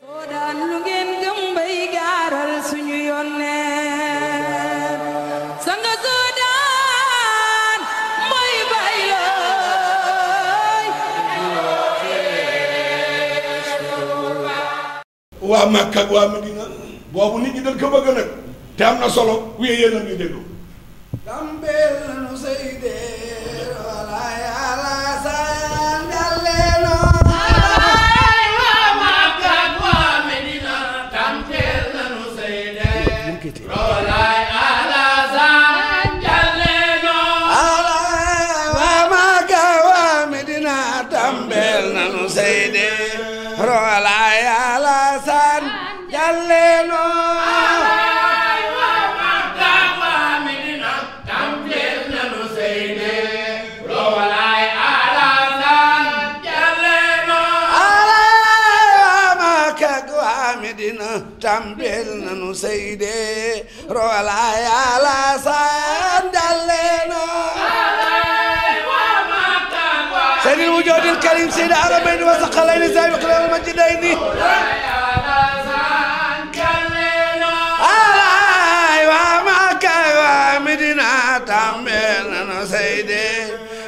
soo daan lu ngeen gëm bay gaaral suñu yónnee sanga soo daan mooy bay looy waa Màkka ak waa Madina boobu nit ñi dañ ko bëgg nag te am na solo ku yee yéen a ngi déglu tambel nanu seyde rola yala sandaleno سيد الوجود الكريم سيد العربين وسقلين سابق المجدين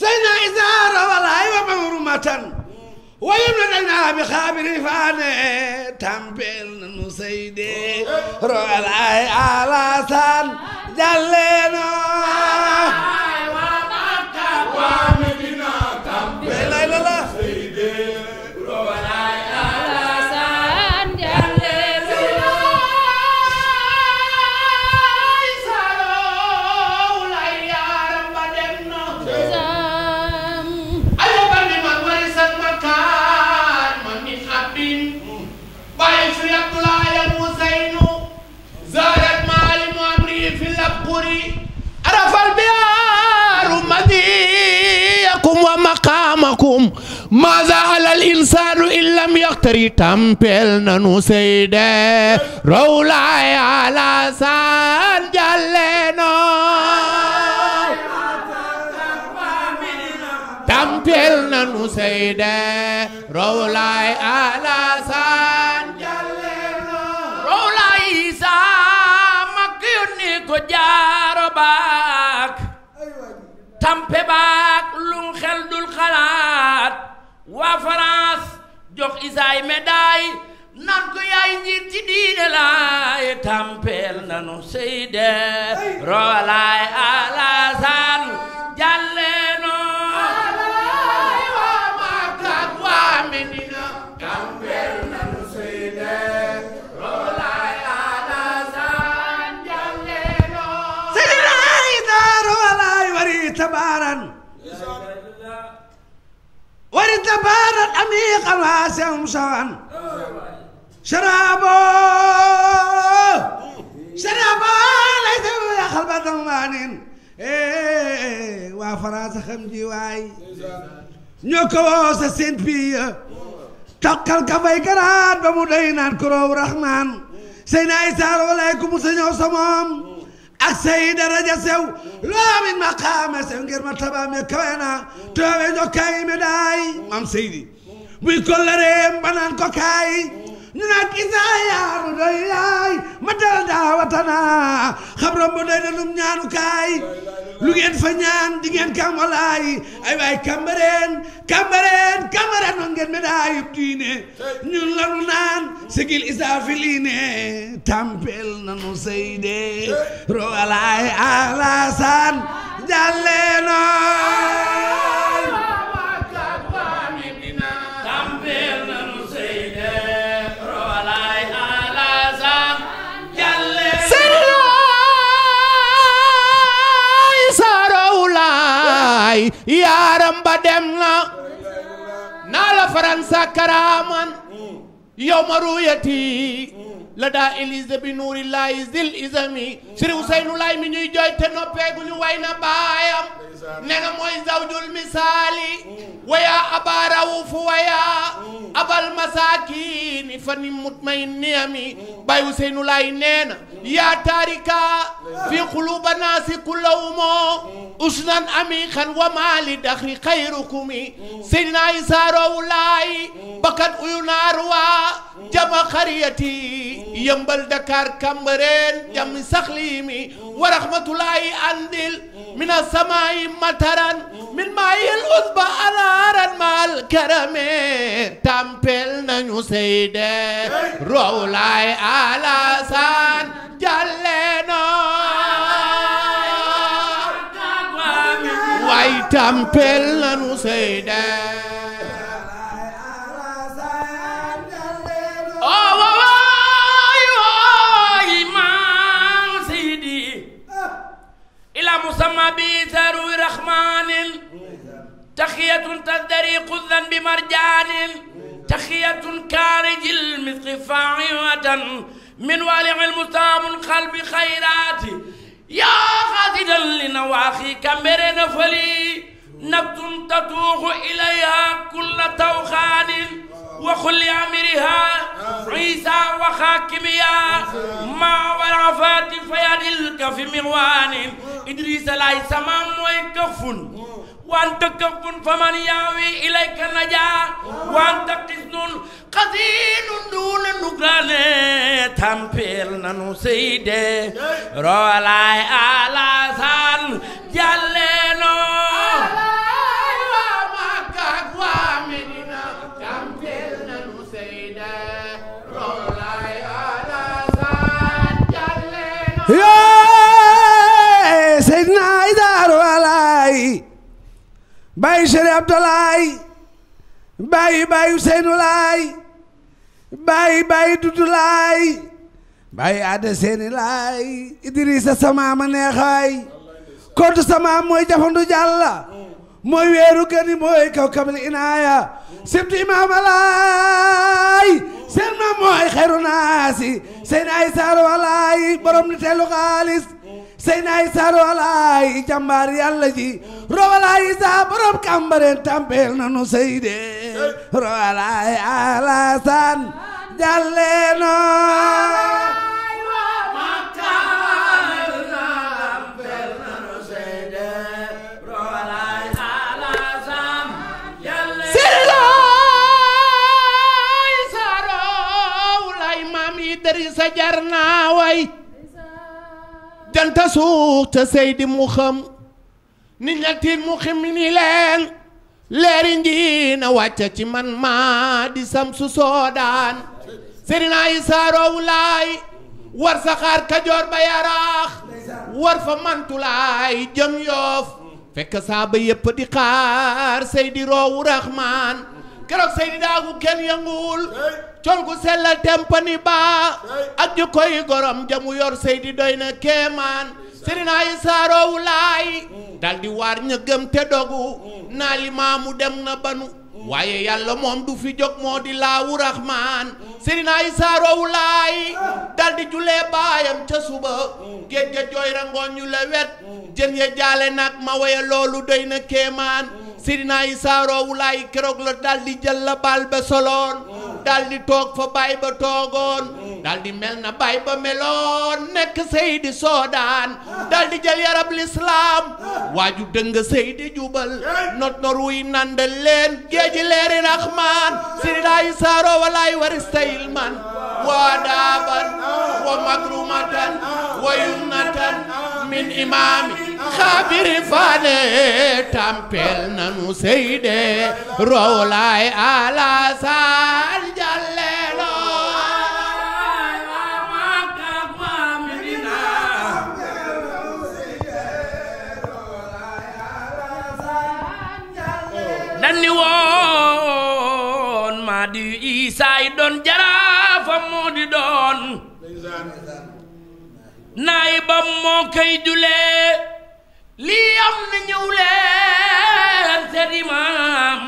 سيدنا إذا روى الهيبة مغرمة ويمنعنا بخابر فاني تنبيل نسيدي روى الهي على سان جلينا دنياكم ومقامكم ماذا على الإنسان إن لم يقتري تمبل نانو سيدة رولاي على سان جلنا تمبل نانو سيدة رولاي على سان جلنا رولاي سامك يوني كجارباك تمبل xel dul xalaat waa France jox Isaay médaille nan yaay njiit ci diine laay tampeel nanu Seydi Roolaay Alasaan Jalle عميقا واسعا مشرعا شرابه شرابه ليس داخل بدن مانين إيه، وفراس خمجي واي نيوكوس السنت بي تقل كفاي كرات بمدينان كرو رحمن سينا إسار عليكم سينا سمام ak seyida raja sew loomin maqama sew ngir martaba me kawena to be jokkay me day mam seydi buy kollareem ba naan ko kaay ñu naan Isaaya doy yaay ma dal daa watana xabram bu doy danum ñaanu kaay lu ngeen fa ñaan di ngeen kam walaay ay waay Cambérène Cambérène Cambérène noon me daa diine ñun lanu naan sigil isaa fi liine tampel nanu seyde roalaay alasan jàlleeno baay yaaram ba dem na naa la faransa karaaman yow ma ruuyati la daa élise bi nuuri zil isami sëriñ Ousseynou Laay mi ñuy jooy te noppeeguñu way na baayam nee na mooy zawjul misaali waya aba rawufu waya abal masakini fani mutmain niyami bay Useynu Laay nee na yaa taarika fi quluba naasi kulla umo usnan amikan wa maali daxri xayrukumi seydina Isaa roowu laay bakat uyu naarwa jama xariyati yëmbal Dakar Kambareen jami saxlimi wa rahmatulahi andil من السماء مطرا من ماء العذبة أنهارا مع الكرم تمبل نانيو سيد رولاي على سان جلنا واي تمبل نانيو سيدي تذريق الذنب مرجان تخية كارج المثق فاعوة من والع المصاب القلب خيرات يا غازلا لنواخيك مرن فلي نبت تتوه إليها كل توخان وخل أمرها عيسى وخاكميا ما والعفات فيد في مغوان إدريس لا يسمى موي وأنت كف فمن ياوي إليك النجا وأنت قسن قدير دون نقران تمبيل ننسيد رولاي على سان جل bàyyi Sëriñ Abdoulaay bàyyi bàyyi Seynu Laay bàyyi bàyyi Dudu Laay bàyyi Adda Seeni Laay Idrissa sama ma neexaay kootu sama mooy jafandu jàlla mooy weeru gëni mooy kaw inaaya sibtu ma mooy xeru naasi seen ay saar walaay borom ni teelu xaalis sey naa Isaa roolaay jàmbaar yàlla ji roolaay Isaa borom Kambareen tampeel nanu sey de roolaay Alasaan jàlle noo sa jar naa way lan tasuux te seydi mu xam nit ñettin mu xam ni leen leeri nji na wàcca ci man maa di sam su soodaan sërinaa yi saaroowu laay war saxaar kajoor ba yaraax war fa mantulaay jëm yoof fekk saa ba di xaar seydi roowu raxmaan keroog seydi daagu kenn yanguwul col gu sellal tempani baa ak ju koy gorom jamu yor sey di doy na keemaan sërinaa yi saaroowu laay mm. daldi waar ña gëm te dogu mm. naa limaamu dem na banu mm. waaye yàlla moom du fi jóg moo di laawu raxmaan sërinaa saaroowu laay ah. daldi julee baayam ca suba géej ga jooy rangooñ ñu la wet jën ya jaale nag ma woye loolu doy na kéemaan Sidina Isaa roowu laay keroog la daal di jël la baal ba soloon daal di toog fa baay ba toogoon daal di mel na baay ba meloon nekk Seydi Soodaan daal jël yarab lislaam waaju dëng Seydi jubal not no ruy nandal leen géeji leeri raxmaan Sidina Isaa roowu laay waristayil man وآدابا ومكرمة ويمنة من إمام خابر فاني تامبل نانو سيدي رولاي على سالي di isaa doon jaraafa mu di doon naay ba moo koy julee lii am na ñëw seen imaam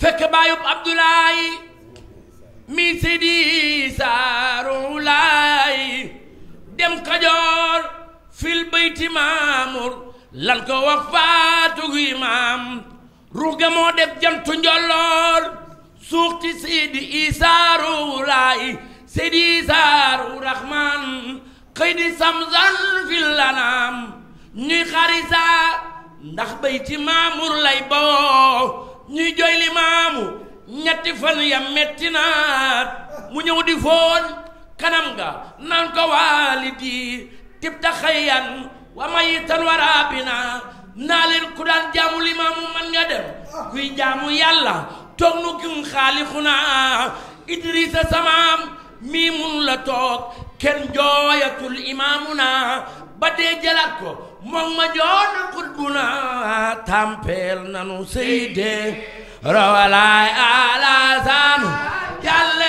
fekk baayub Abdoulaye mi sidi saarulaay dem Kajoor fil bayti maamur lan ko wax imaam ruuga moo def jantu njolloor suuxti siidi isaaru laayi siidi isaaru raxmaan xëy di samsan fil ñuy xarisa ndax bay ci maamur lay bawoo ñuy joy maamu ñetti fan ya metti naat mu ñëw di foon kanam nga naan ko waalidi tibta xëyan wa mayitan waraabina naa leen ku daan jaamu man nga dem ah. kuy jaamu yàlla toog nu kum xaalixuna idrisa samaam mii mun toog ken jooyatul imaamu naa ba dee jëlaat ko moom ma joona xutbuna tampeel rawalaay alaasaan